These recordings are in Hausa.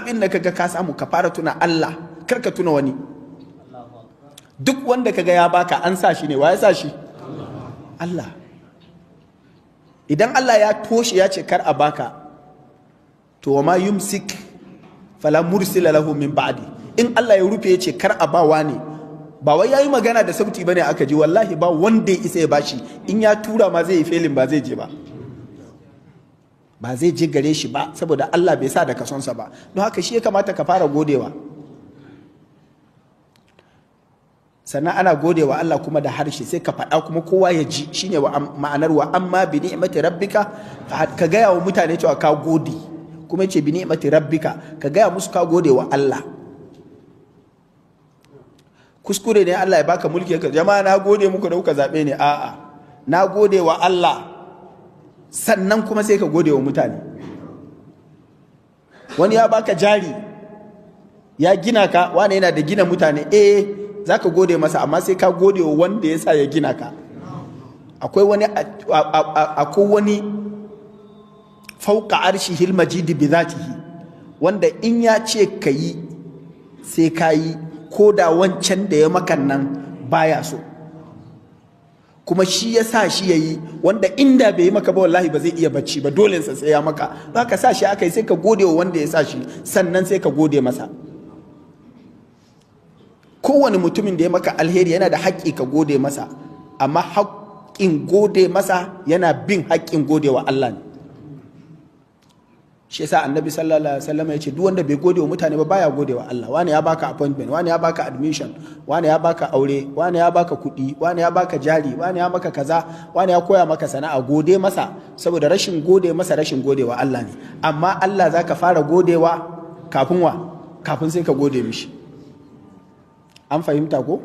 abin da kaga ka samu ka fara tuna Allah kar ka tuna wani duk wanda kaga ya baka an sa shi ne wa ya sa shi Allah idan Allah ya toshe ya ce kar a baka to wa ma yumsik fala mursila lahu min ba'di in Allah ya rufe ya ce kar a ba wani ba wai yayi magana da sauti bane aka ji wallahi ba wanda ya isa ya bashi in ya tura ma zai yi felin ba zai je ba ba zai je gare shi ba saboda Allah bai sa da kasonsa ba don haka shi ya kamata ka fara godewa sannan ana godewa Allah kuma da harshe sai ka faɗa kuma kowa ya ji shine ma'anar wa amma bi ni'mati rabbika ka gaya wa mutane cewa ka gode kuma ce bi ni'mati rabbika ka gaya musu ka gode wa Allah kuskure ne Allah ya baka mulki ka jama'a na gode muku da kuka zabe ne a'a na gode wa Allah sannan kuma sai ka gode wa mutane wani ya baka jari ya gina ka wani yana da gina mutane eh za ka gode masa amma sai ka gode wa wanda ya sa ya gina ka akwai wani akwai wani fauka arshihil majidi bi zatihi wanda in ya ce ka yi sai ka yi ko da wancan da ya makan nan baya so kuma shi ya sa shi ya yi wanda inda bai yi maka ba wallahi ba zai iya bacci ba dole sa sai ya maka ba ka sa shi aka yi sai ka gode wa wanda ya sa shi sannan sai ka gode masa kowane mutumin da ya maka alheri yana da haƙƙi ka gode masa amma haƙƙin gode masa yana bin haƙƙin gode wa Allah ne shi yasa annabi sallallahu alaihi wasallam ya ce duk wanda bai gode wa mutane ba baya gode wa Allah wani ya baka appointment wani ya baka admission wani ya baka aure wani ya baka kuɗi wani ya baka jari wani ya maka kaza wani ya koya maka sana'a gode masa saboda rashin gode masa rashin gode wa Allah ne amma Allah zaka fara godewa kafin wa kafin sai ka gode mishi an fahimta ko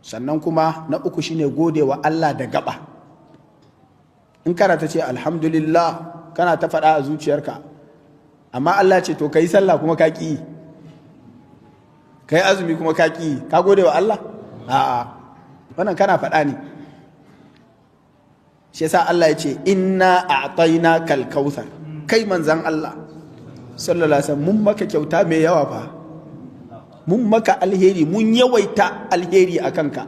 sannan kuma na uku shine gode wa Allah da gaba in karata ce alhamdulillah kana ta faɗa a zuciyarka amma Allah ce to kai sallah kuma ka ƙi kai azumi kuma ka ƙi ka gode wa Allah a'a wannan kana faɗa ne shi yasa Allah ya ce inna a'tayna kal kautsar kai manzan Allah sallallahu alaihi wasallam mun maka kyauta mai yawa fa mun maka alheri mun yawaita alheri akan ka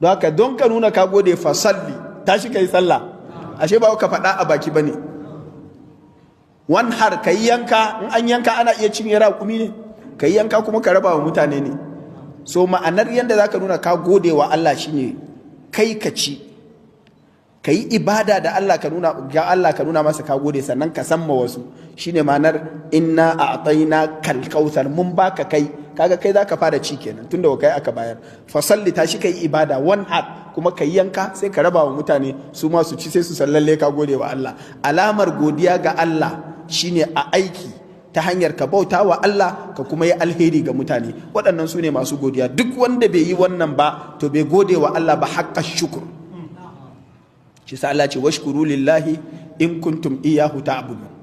don haka don ka nuna ka gode fa salli tashi kai sallah ashe ba ka faɗa a baki ba ne har ka yi yanka in an yanka ana iya cinye raƙumi ne ka yi yanka kuma ka raba wa mutane ne so ma'anar yadda za ka nuna ka gode wa Allah shi ne kai ka ci ka yi ibada da Allah ka nuna ga Allah ka nuna masa ka gode sannan ka san ma wasu shine ma'anar inna a'tayna kal kautsar mun baka kai kaga kai zaka fara ci kenan tunda kai aka bayar fa salli ta shi kai ibada one hat kuma kai yanka sai ka raba wa mutane su ma su ci sai su sallalle ka gode wa Allah alamar godiya ga Allah shine a aiki ta hanyar ka bauta wa Allah ka kuma yi alheri ga mutane waɗannan su ne masu godiya duk wanda bai yi wannan ba to bai gode wa Allah ba haƙƙa shukur shi sa Allah ce washkuru lillahi in kuntum iyyahu ta'budun